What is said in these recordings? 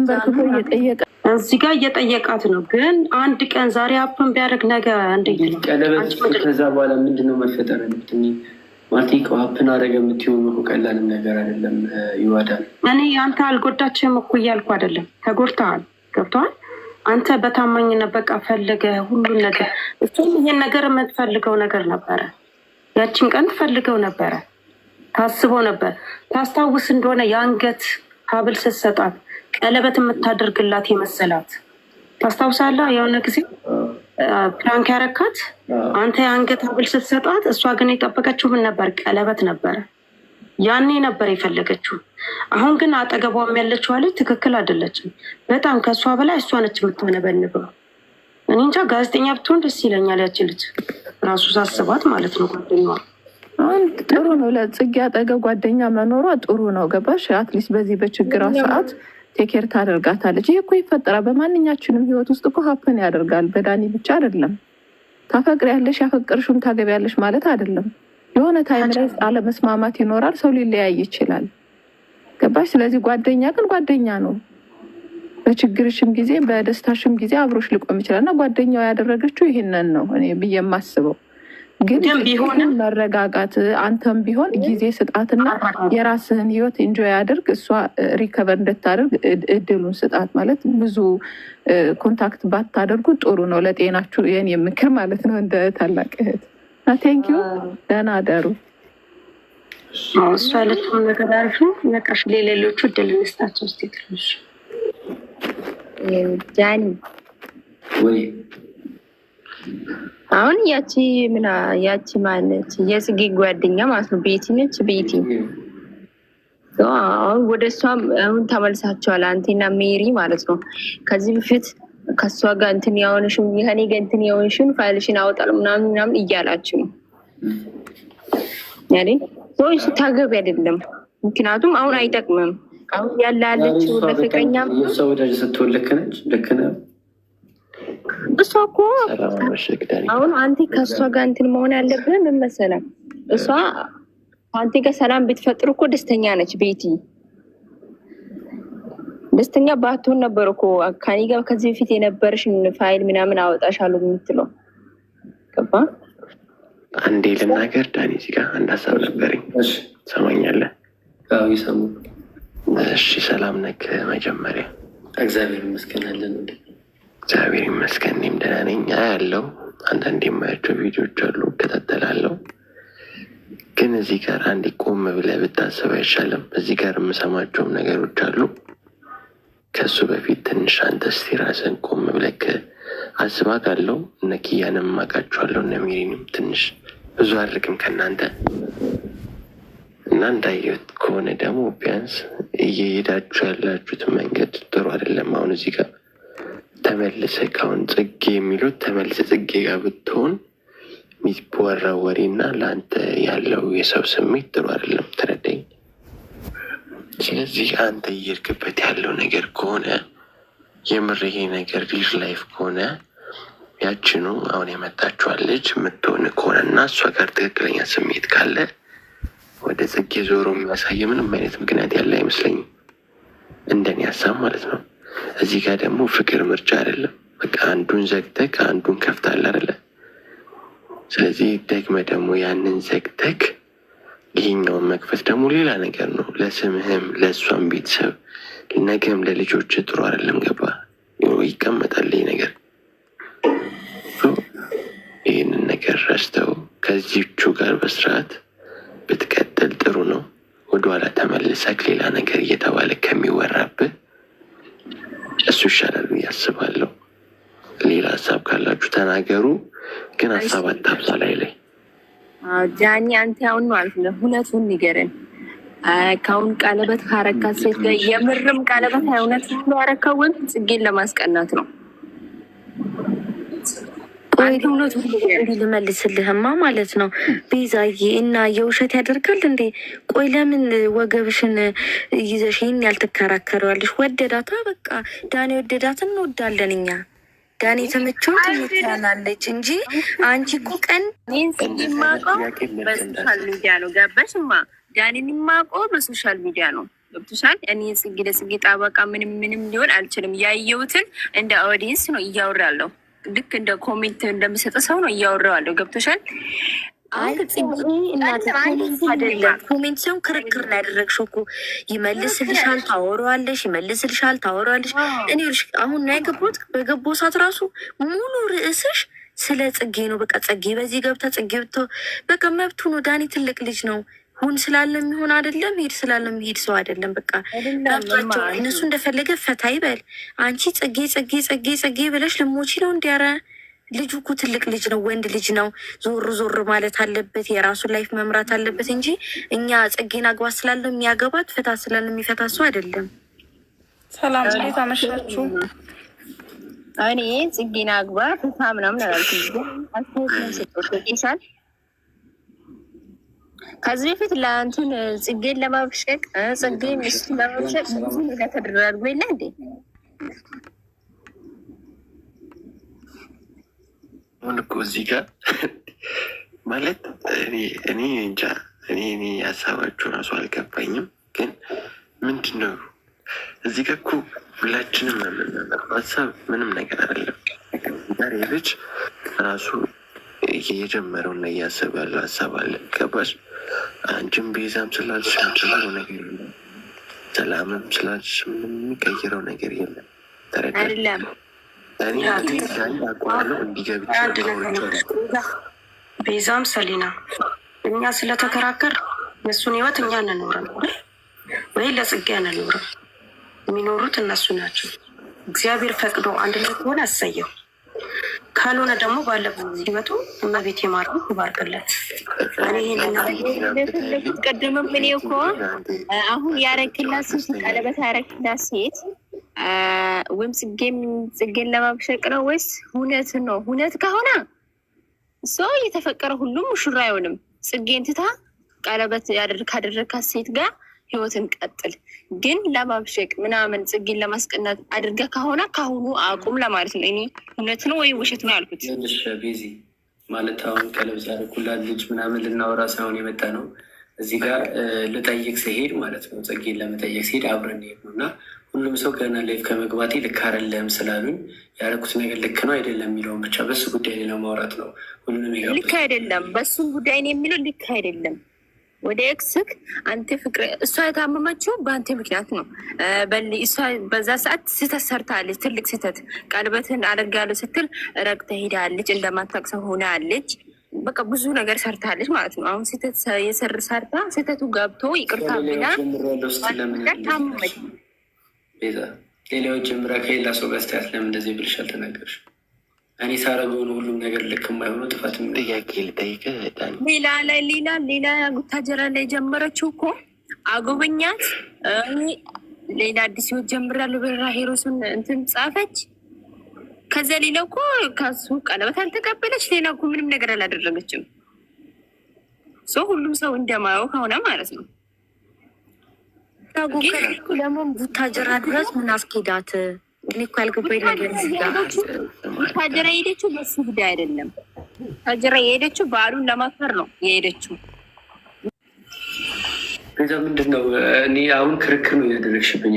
አንበርክኮ እየጠየቀ እዚህ ጋር እየጠየቃት ነው። ግን አንድ ቀን ዛሬ አፕን ቢያደርግ ነገ ቀለበት ከዛ በኋላ ምንድነው መፈጠር ያለበት? ማለቴ ሀፕን አደረገ የምትሆኑ ቀላልም ነገር አይደለም። ይዋዳል እኔ አንተ አልጎዳችም እኮ እያልኩ አይደለም። ተጎድተሃል፣ ገብተዋል። አንተ በታማኝነት በቃ ፈልገ ሁሉን ነገር እሱም ይሄን ነገር የምትፈልገው ነገር ነበረ። ያችን ቀን ትፈልገው ነበረ፣ ታስቦ ነበር። ታስታውስ እንደሆነ የአንገት ሀብል ስትሰጣት ቀለበት የምታደርግላት የመሰላት ታስታውሳለህ? የሆነ ጊዜ ፕራንክ ያረካት አንተ የአንገት ሀብል ስትሰጣት፣ እሷ ግን የጠበቀችው ምን ነበር? ቀለበት ነበረ። ያኔ ነበር የፈለገችው። አሁን ግን አጠገቧም ያለችው አለች ትክክል አይደለችም። በጣም ከእሷ በላይ እሷ ነች የምትሆነበንበው። እኔ እንጃ ጋዜጠኛ ብትሆን ደስ ይለኛል። ያች ልጅ ራሱ ሳስባት ማለት ነው ጓደኛዋ አንድ ጥሩ ነው። ለጽጌ አጠገብ ጓደኛ መኖሯ ጥሩ ነው። ገባሽ? አትሊስት በዚህ በችግሯ ሰዓት ቴኬር ታደርጋታለች። ይህ እኮ ይፈጠራል በማንኛችንም ህይወት ውስጥ እኮ ሀፕን ያደርጋል። በዳኒ ብቻ አይደለም። ታፈቅሪያለሽ፣ ያፈቅርሽውን ታገቢያለሽ ማለት አይደለም። የሆነ ታይም ላይ አለመስማማት ይኖራል። ሰው ሊለያይ ይችላል። ገባሽ? ስለዚህ ጓደኛ ግን ጓደኛ ነው። በችግርሽም ጊዜ በደስታሽም ጊዜ አብሮሽ ሊቆም ይችላል እና ጓደኛው ያደረገችው ይህንን ነው እኔ ብዬ የማስበው። ግን ቢሆንም መረጋጋት አንተም ቢሆን ጊዜ ስጣትና የራስህን ህይወት ኢንጆይ አድርግ። እሷ ሪከቨር እንድታደርግ እድሉን ስጣት። ማለት ብዙ ኮንታክት ባታደርጉ ጥሩ ነው ለጤናችሁ። የኔ ምክር ማለት ነው እንደ ታላቅ እህት። ቴንኪዩ ደህና አደሩ። እሷ ያለችውን ነገር አሪፍ ነው። ነቃሽ ሌሎቹ እድል እንስጣቸው። ስቴትሎች ጃኒ ወይ አሁን ያቺ ምና ያቺ ማነች የጽጌ ጓደኛ ማለት ነው ቤቲ ነች። ቤቲ አሁን ወደ እሷም አሁን ተመልሳቸዋል። አንቴና ሜሪ ማለት ነው ከዚህ በፊት ከእሷ ጋር እንትን ያሆንሽን ከኔ ጋር እንትን የሆንሽን ፋይልሽን አወጣል ምናምን ምናምን እያላችሁ ነው ያኔ ሰዎች ታገቢ አይደለም። ምክንያቱም አሁን አይጠቅምም። አሁን ያላለችው ለፍቅረኛም ሰው ወዳጅ ስትሆን ልክ ነች ልክ ነው እሷ እኮ አሁን አንቲ ከእሷ ጋር እንትን መሆን ያለብን ምን መሰለህ፣ እሷ አንቲ ጋር ሰላም ብትፈጥሩ እኮ ደስተኛ ነች። ቤቲ ደስተኛ ባትሆን ነበር እኮ ከእኔ ጋር ከዚህ በፊት የነበረሽን ፋይል ምናምን አወጣሻለሁ የምትለው ገባ። አንዴ ልናገር ዳኒ፣ እዚህ ጋር አንድ ሀሳብ ነበረኝ። ሰማኛለህ? እሺ፣ ሰላም ነክ መጀመሪያ እግዚአብሔር እንዴ እግዚአብሔር ይመስገን እኔም ደህና ነኝ። አያለው አንዳንድ የማያቸው ቪዲዮዎች አሉ እከታተላለሁ። ግን እዚህ ጋር አንድ ቆም ብለህ ብታስብ አይሻልም? እዚህ ጋር የምሰማቸውም ነገሮች አሉ። ከእሱ በፊት ትንሽ አንተ እስቲ ራስን ቆም ብለህ አስባ ካለው እነ ኪያንም ማቃቸዋለሁ እነ ሚሪንም ትንሽ ብዙ አድርግም ከእናንተ እና እንዳየሁት ከሆነ ደግሞ ቢያንስ እየሄዳችሁ ያላችሁት መንገድ ጥሩ አይደለም። አሁን እዚህ ጋር ተመልሰ ካሁን ጽጌ የሚሉት ተመልሰ ጽጌ ጋር ብትሆን ሚወራ ወሬና ለአንተ ያለው የሰው ስሜት ጥሩ አይደለም። ተረዳኝ። ስለዚህ አንተ እየርክበት ያለው ነገር ከሆነ የምር ይሄ ነገር ሪል ላይፍ ከሆነ ያችኑ አሁን የመጣችኋት ልጅ የምትሆን ከሆነና እሷ ጋር ትክክለኛ ስሜት ካለ ወደ ጽጌ ዞሮ የሚያሳይ ምንም አይነት ምክንያት ያለ አይመስለኝም። እንደኔ ሀሳብ ማለት ነው። እዚህ ጋር ደግሞ ፍቅር ምርጫ አይደለም። በቃ አንዱን ዘግተክ አንዱን ከፍታል አለ። ስለዚህ ደግመ ደግሞ ያንን ዘግተክ ይህኛውን መክፈት ደግሞ ሌላ ነገር ነው። ለስምህም፣ ለእሷም ቤተሰብ ነገም ለልጆች ጥሩ አይደለም። ገባ ይቀመጣል ይህ ነገር። ይህንን ነገር ረስተው ከዚቹ ጋር በስርዓት ብትቀጥል ጥሩ ነው። ወደኋላ ተመልሰክ ሌላ ነገር እየተባለ ከሚወራብህ እሱ ይሻላል ብዬ አስባለሁ። ሌላ ሀሳብ ካላችሁ ተናገሩ፣ ግን ሀሳብ አታብዛ። ላይ ላይ ጃኒ አንተ አሁን ነው አልፍ ሁነቱን ንገረን። ከአሁን ቀለበት ካረካት ሴት ጋር የምርም ቀለበት እውነት ነው ያረካውን ጽጌን ለማስቀናት ነው ልመልስልህማ ማለት ነው ቤዛዬ። እና የውሸት ያደርጋል እንዴ? ቆይ ለምን ወገብሽን ይዘሽ ይህን ያልትከራከረዋለሽ? ወደዳታ በቃ ዳኔ ወደዳት፣ እንወዳለን እኛ ዳኔ ተመቸው ትላለች እንጂ አንቺ እኮ ቀን ማቀው በሶሻል ሚዲያ ነው። ገባሽማ? ዳኔን የማውቀው በሶሻል ሚዲያ ነው። ገብቶሻል። እኔ ጽጌ ለጽጌ ጣበቃ ምንም ምንም ሊሆን አልችልም። ያየሁትን እንደ ኦዲየንስ ነው እያወራለሁ ልክ እንደ ኮሜንት እንደምሰጥ ሰው ነው እያወራዋለሁ። ገብቶሻል? ኮሜንት ሲሆን ክርክር ነው ያደረግሽው እኮ። ይመልስልሻል፣ ታወራዋለሽ፣ ይመልስልሻል፣ ታወራዋለሽ። እኔ አሁን ና የገባት በገባው ሰዓት ራሱ ሙሉ ርዕስሽ ስለ ጽጌ ነው። በቃ ጽጌ በዚህ ገብታ ጽጌ ብቶ በቃ መብቱ ነው። ዳኒ ትልቅ ልጅ ነው። ሁን ስላለ የሚሆን አይደለም፣ ሄድ ስላለ ሄድ ሰው አይደለም። በቃ ቸው እነሱ እንደፈለገ ፈታ ይበል። አንቺ ጽጌ ጽጌ ጽጌ ጽጌ ብለሽ ልሞች ነው እንዲያረ ልጁ እኮ ትልቅ ልጅ ነው፣ ወንድ ልጅ ነው። ዞር ዞር ማለት አለበት፣ የራሱን ላይፍ መምራት አለበት እንጂ እኛ ጽጌን አግባት ስላለው የሚያገባት ፈታ ስላለው የሚፈታ ሰው አይደለም። ሰላም፣ እንዴት አመሻችሁ? እኔ ጽጌን አግባ ፈታ ምናምን አላልኩም። ከዚህ በፊት ለአንቱን ጽጌን ለማብሸቅ ጽጌን እሱን ለማብሸቅ ብዙ ነገር ተደራርጎ የለ እንዴ? አሁን እኮ እዚህ ጋር ማለት እኔ እንጃ እኔ እኔ ሀሳባችሁ እራሱ አልገባኝም። ግን ምንድን ነው እዚህ ጋር እኮ ሁላችንም የምናመር ሀሳብ ምንም ነገር አይደለም። ዛሬ ልጅ ራሱ እና እያሰብ ያለው ሀሳብ አለ ገባሽ? አንቺም ቤዛም ስላልሽ የምትለው ነገር የለም። ሰላምም ስላልሽ የምንቀይረው ነገር የለም። ተረዳለም ቤዛም ሰሊና እኛ ስለተከራከር የእሱን ህይወት እኛ አንኖርም ወይ ለጽጌ አንኖርም። የሚኖሩት እነሱ ናቸው። እግዚአብሔር ፈቅዶ አንድ ላይ ከሆነ አሰየው ካልሆነ ደግሞ ባለፈው ሲመጡ እመቤት የማረ ይባርቅለት። ቅድም ምን እኮ አሁን ያረክላት ሴት ቀለበት ያረክላት ሴት ወይም ጽጌም ጽጌን ለማብሸቅ ነው ወይስ ሁነት ነው? ሁነት ከሆነ ሰው እየተፈቀረ ሁሉም ሙሽራ አይሆንም። ጽጌን ትታ ቀለበት ካደረካት ሴት ጋር ህይወትን ቀጥል ግን ለማብሸቅ ምናምን ጽጌን ለማስቀናት አድርገ ከሆነ ከአሁኑ አቁም ለማለት ነው። እኔ እውነት ነው ወይም ውሸት ነው ያልኩት ቤዚ ማለት አሁን ቀለብ ዛረኩላት ልጅ ምናምን ልናወራ ሳይሆን የመጣ ነው። እዚህ ጋር ልጠይቅ ስሄድ ማለት ነው ጽጌን ለመጠየቅ ሲሄድ አብረን ሄድ ነው እና ሁሉም ሰው ገና ላይፍ ከመግባቴ ልክ አይደለም ስላሉኝ ያደረኩት ነገር ልክ ነው አይደለም የሚለውን ብቻ በሱ ጉዳይ ላይ ለማውራት ነው። ሁሉም ልክ አይደለም በሱ ጉዳይ ነው የሚለው ልክ አይደለም ወደ ኤክስክ አንተ ፍቅር እሷ የታመመችው በአንተ ምክንያት ነው። እሷ በዛ ሰዓት ስህተት ሰርታለች፣ ትልቅ ስህተት። ቀለበትን አደርጋለሁ ስትል ረግጠህ ሄዳለች፣ እንደማታውቅ ሰው ሆናለች። በቃ ብዙ ነገር ሰርታለች ማለት ነው። አሁን ስህተት የሰር ሰርታ ስህተቱ ገብቶ ይቅርታ ብላ ታመመች። ሌላዎች ጀምራ ከሌላ ሰው በስተያት ለምን እንደዚህ ብልሽ አልተናገርሽም? እኔ ሳረግ ሁሉም ነገር ልክ የማይሆኑ ጥፋት ጥያቄ ልጠይቅህ። ሌላ ላይ ሌላ ሌላ ጉታጀራ ላይ ጀመረችው እኮ አጎበኛት። ሌላ አዲስ ህይወት ጀምራሉ ብላ ሄሮስን እንትን ጻፈች። ከዚያ ሌላ እኮ ከሱ ቀለበት አልተቀበለች። ሌላ እኮ ምንም ነገር አላደረገችም። ሰው ሁሉም ሰው እንደማየው ከሆነ ማለት ነው። ለምን ቡታጀራ ድረስ ምን አስኬዳት? እኔ እኮ ያልገባኝ ነገር ታጀራ የሄደችው በሱ ጉዳይ አይደለም። ታጀራ የሄደችው በዓሉን ለማክበር ነው የሄደችው። ምንድን ነው እኔ አሁን ክርክር ነው እያደረግሽብኝ ቅድም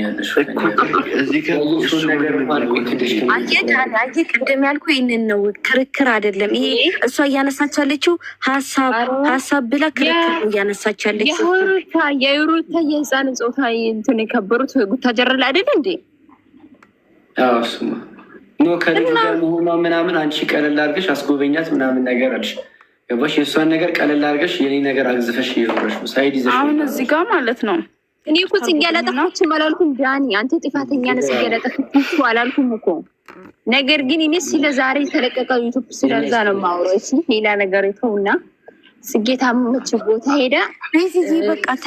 ይህንን ነው፣ ክርክር አይደለም ይሄ። እሷ እያነሳች ያለችው ሀሳብ ሀሳብ ብላ ክርክር ነው እያነሳች ያለችው። የሩታ የህፃን ፆታ እንትን የከበሩት ጉታጀራ ላይ አይደለ እንዴ? እሱማ ኖ ከልጁ ጋር መሆኗ ምናምን አንቺ ቀለል አድርገሽ አስጎበኛት ምናምን ነገር አልሽ። ገባሽ? የእሷን ነገር ቀለል አድርገሽ የኔ ነገር አግዝፈሽ እየኖረሽ ነው። ሳይድ ይዘሽ አሁን እዚህ ጋር ማለት ነው። እኔ እኮ ጽጌ አላጠፋችም አላልኩም። ዳኒ አንተ ጥፋተኛ ነህ። ጽጌ አላጠፋችም አላልኩም እኮ ነገር ግን እኔ ስለ ዛሬ የተለቀቀው ዩቱብ ስለዛ ነው የማወራው። ሌላ ነገር ይተውና ስጌታመች ቦታ በቃ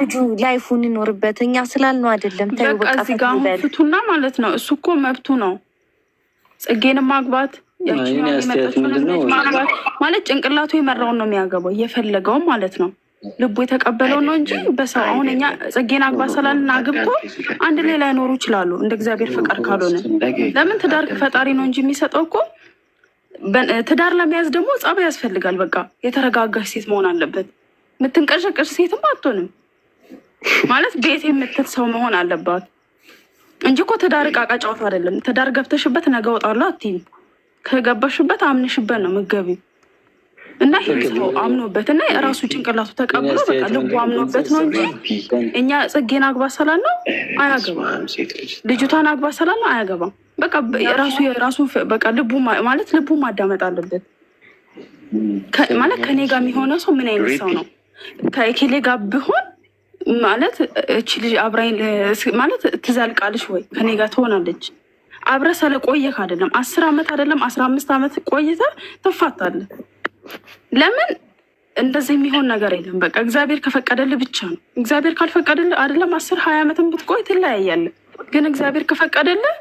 ልጁ ላይፉን እንኖርበት እኛ ስላልነው አይደለም። በቃ እዚህ ጋ አሁን ፍቱና ማለት ነው። እሱ እኮ መብቱ ነው። ጽጌን ማግባት ማለት ጭንቅላቱ የመራውን ነው የሚያገባው የፈለገውን ማለት ነው። ልቡ የተቀበለው ነው እንጂ በሰው አሁን እኛ ጽጌን አግባ ስላልን አግብቶ አንድ ላይ ላይኖሩ ይችላሉ፣ እንደ እግዚአብሔር ፍቃድ ካልሆነ። ለምን ትዳር ፈጣሪ ነው እንጂ የሚሰጠው እኮ ትዳር ለመያዝ ደግሞ ጸባይ ያስፈልጋል። በቃ የተረጋጋሽ ሴት መሆን አለበት። የምትንቀሸቀሽ ሴትም አትሆንም ማለት ቤት የምትል ሰው መሆን አለባት እንጂ እኮ ትዳር ዕቃ ጨዋታ አይደለም። ትዳር ገብተሽበት ነገ እወጣለሁ አትይም። ከገባሽበት አምንሽበት ነው የምትገቢው እና ይህ ሰው አምኖበት እና የራሱ ጭንቅላቱ ተቀብሎ በቃ ልቡ አምኖበት ነው እንጂ እኛ ጽጌን አግባ ሰላል አያገባም። ልጅቷን አግባ ሰላል ነው አያገባም። በቃ ራሱ የራሱ በቃ ልቡ ማለት ልቡ ማዳመጥ አለበት። ማለት ከኔ ጋር የሚሆነው ሰው ምን አይነት ሰው ነው? ከኬሌ ጋር ብሆን ማለት እቺ ልጅ አብራኝ ማለት ትዘልቃለች ወይ ከኔ ጋር ትሆናለች? አብረ ስለቆየህ አይደለም አስር ዓመት አይደለም አስራ አምስት ዓመት ቆይተ ትፋታለህ። ለምን እንደዚህ የሚሆን ነገር የለም። በቃ እግዚአብሔር ከፈቀደልህ ብቻ ነው። እግዚአብሔር ካልፈቀደልህ አይደለም አስር ሀያ ዓመትን ብትቆይ ትለያያለህ። ግን እግዚአብሔር ከፈቀደልህ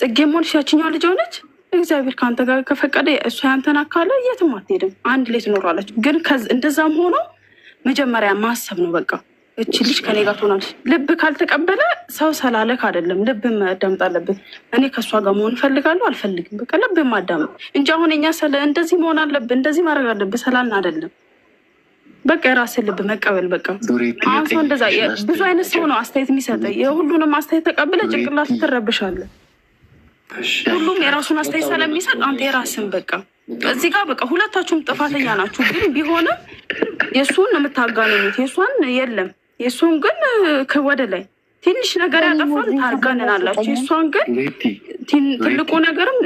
ጽጌ ሆንሽ ያችኛዋ ልጅ ሆነች። እግዚአብሔር ከአንተ ጋር ከፈቀደ እሱ ያንተን አካለ የትም አትሄድም፣ አንድ ላይ ትኖራለች። ግን እንደዛም ሆኖ መጀመሪያ ማሰብ ነው በቃ እች ልጅ ከኔ ጋር ትሆናለች። ልብ ካልተቀበለ ሰው ሰላለክ አይደለም፣ ልብ ማዳመጥ አለብን። እኔ ከእሷ ጋር መሆን እፈልጋለሁ አልፈልግም፣ በቃ ልብ ማዳመጥ እንጂ አሁን እኛ ስለ እንደዚህ መሆን አለብን እንደዚህ ማድረግ አለብን ሰላልን አይደለም። በቃ የራስን ልብ መቀበል በቃ አሁን ሰው እንደዛ ብዙ አይነት ሰው ነው አስተያየት የሚሰጠ የሁሉንም አስተያየት ተቀብለ ጭንቅላት ትረብሻለን። ሁሉም የራሱን አስተያየት ስለሚሰጥ አንተ የራስን በቃ እዚህ ጋር በቃ ሁለታችሁም ጥፋተኛ ናችሁ። ግን ቢሆንም የእሱን የምታጋንኑት የእሷን የለም የእሱን ግን ከወደ ላይ ትንሽ ነገር ያጠፋን ታርጋንናላችሁ። የእሷን ግን ትልቁ ነገርም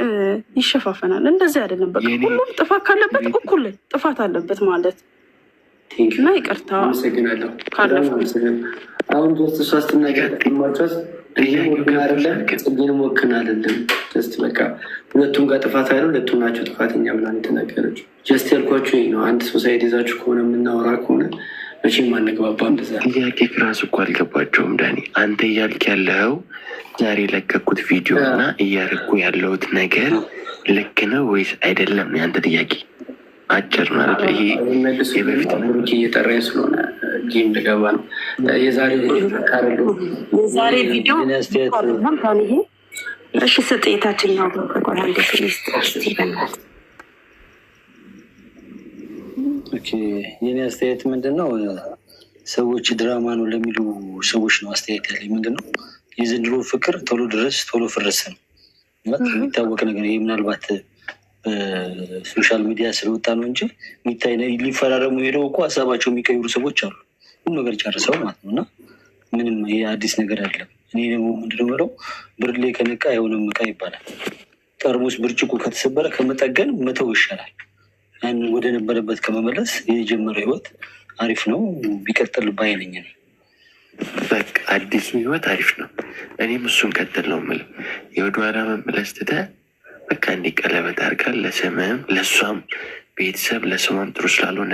ይሸፋፈናል። እንደዚህ አይደለም። በቃ ሁሉም ጥፋት ካለበት እኩል ጥፋት አለበት ማለት እና ይቅርታ ካለፈ አሁን ሶስት ሶስት ነገር ይህም ወክን አይደለም፣ ጽጌንም ወክን አይደለም። ስ በቃ ሁለቱም ጋር ጥፋት አይለ ሁለቱም ናቸው ጥፋተኛ ብላ የተናገረችው ጀስት ያልኳቸው ይህ ነው። አንድ ሶሳይቲ ይዛችሁ ከሆነ የምናወራ ከሆነ መቼም አንግባባ። እንደዛ ጥያቄ ክራሱ እኮ አልገባቸውም። ዳኒ አንተ እያልክ ያለኸው ዛሬ ለቀኩት ቪዲዮ እና እያረኩ ያለሁት ነገር ልክ ነው ወይስ አይደለም? ያንተ ጥያቄ አጭር ማለት ይሄ የበፊት እየጠራኝ ስለሆነ አድርጌ እንድገባ ነው። የዛሬ ቪዲዮ እሺ፣ ስጥ የታችኛው የኔ አስተያየት ምንድን ነው? ሰዎች ድራማ ነው ለሚሉ ሰዎች ነው አስተያየት ያለኝ። ምንድን ነው የዘንድሮ ፍቅር ቶሎ ድረስ ቶሎ ፍረሰ ነው የሚታወቅ ነገር። ይህ ምናልባት በሶሻል ሚዲያ ስለወጣ ነው እንጂ ሊፈራረሙ ሄደው እኮ ሀሳባቸው የሚቀይሩ ሰዎች አሉ። ሁሉ ነገር ጨርሰው ማለት ነው እና ምንም ይሄ አዲስ ነገር አይደለም። እኔ ደግሞ ምንድነው ብርሌ ከነቃ የሆነም እቃ ይባላል። ጠርሙስ ብርጭቆ ከተሰበረ ከመጠገን መተው ይሻላል። ያን ወደ ነበረበት ከመመለስ የጀመረው ህይወት አሪፍ ነው ቢቀጥል ባይነኝ ነው። በቃ አዲሱ ህይወት አሪፍ ነው። እኔም እሱን ቀጥል ነው ምል የወደ መመለስ ትተ በቃ እንዲቀለበት ቀለበት አድርጋ ለእሷም ቤተሰብ ለስሟም ጥሩ ስላልሆነ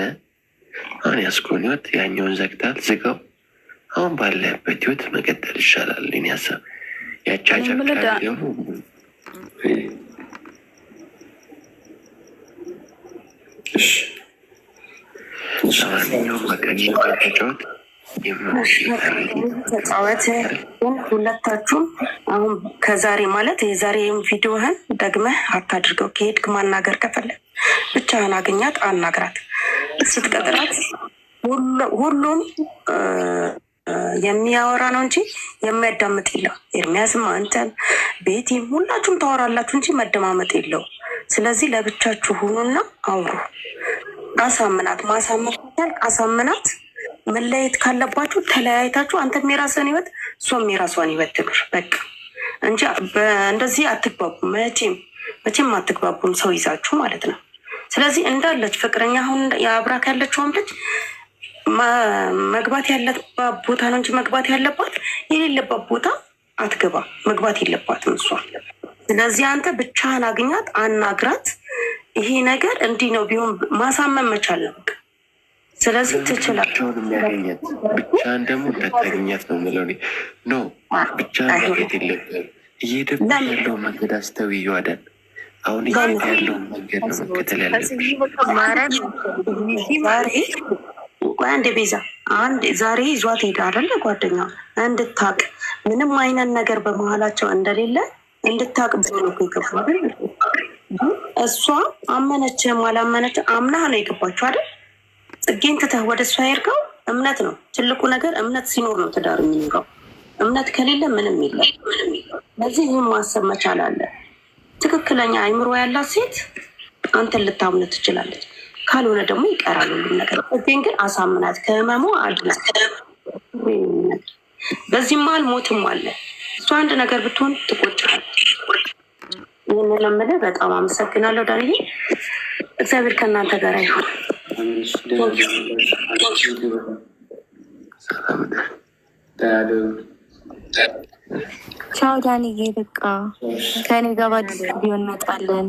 አሁን ያስኮን ህይወት ያኛውን ዘግታል ዝጋው። አሁን ባለበት ህይወት መቀጠል ይሻላል። ኔ ያሰብ ያቻጫጫ ሁለታችሁም። አሁን ከዛሬ ማለት የዛሬም ቪዲዮህን ደግመህ አታድርገው። ከሄድክ ማናገር ከፈለግ ብቻህን አገኛት አናግራት። ስትቀጥላት ሁሉም የሚያወራ ነው እንጂ የሚያዳምጥ የለው። ኤርሚያስም፣ አንተም፣ ቤቲም ሁላችሁም ታወራላችሁ እንጂ መደማመጥ የለው። ስለዚህ ለብቻችሁ ሁኑና አውሩ። አሳምናት፣ ማሳመን አሳምናት። መለየት ካለባችሁ ተለያይታችሁ፣ አንተም የራስህን ህይወት እሷም የራሷን ህይወት ትኑር በቃ እንጂ እንደዚህ አትግባቡ። መቼም መቼም አትግባቡም ሰው ይዛችሁ ማለት ነው። ስለዚህ እንዳለች ፍቅረኛ አሁን የአብራክ ያለችውም ልጅ መግባት ያለባት ቦታ ነው እንጂ መግባት ያለባት የሌለባት ቦታ አትገባ። መግባት የለባትም እሷ። ስለዚህ አንተ ብቻህን አግኛት፣ አናግራት። ይሄ ነገር እንዲህ ነው ቢሆን ማሳመን መቻል ነው። ስለዚህ ትችላል። ብቻህን ደግሞ እንዳታገኛት ነው የምለው እኔ። ኖ ብቻህን መሄድ የለብህም። እየሄደብህ ያለው መንገድ ይዋዳል አሁን እየሄደ ያለውን መንገድ ነው መከተል ያለብን። ቤዛ አንድ ዛሬ ይዟት ሄዳ አይደለ ጓደኛ እንድታቅ ምንም አይነት ነገር በመሀላቸው እንደሌለ እንድታቅ ብሎ ነው የገባው። እሷ አመነችም አላመነችም አምናህ ነው የገባችው አይደል? ጽጌን ትተህ ወደ እሷ ሄድከው እምነት ነው ትልቁ ነገር። እምነት ሲኖር ነው ትዳር የሚኖረው። እምነት ከሌለ ምንም የለም። ለዚህ ይህም ማሰብ መቻል አለ ትክክለኛ አይምሮ ያላት ሴት አንተን ልታምነ ትችላለች። ካልሆነ ደግሞ ይቀራል ሁሉም ነገር። ግን ግን አሳምናት፣ ከህመሙ አድናት። በዚህም መሀል ሞትም አለ። እሱ አንድ ነገር ብትሆን ትቆጭራለች። ይህን ለምደ በጣም አመሰግናለሁ ዳንዬ። እግዚአብሔር ከእናንተ ጋር ይሁን። ሰላም ቻው ዳንዬ፣ በቃ ከኔ ጋር ባዲስ ቢሆን እንመጣለን።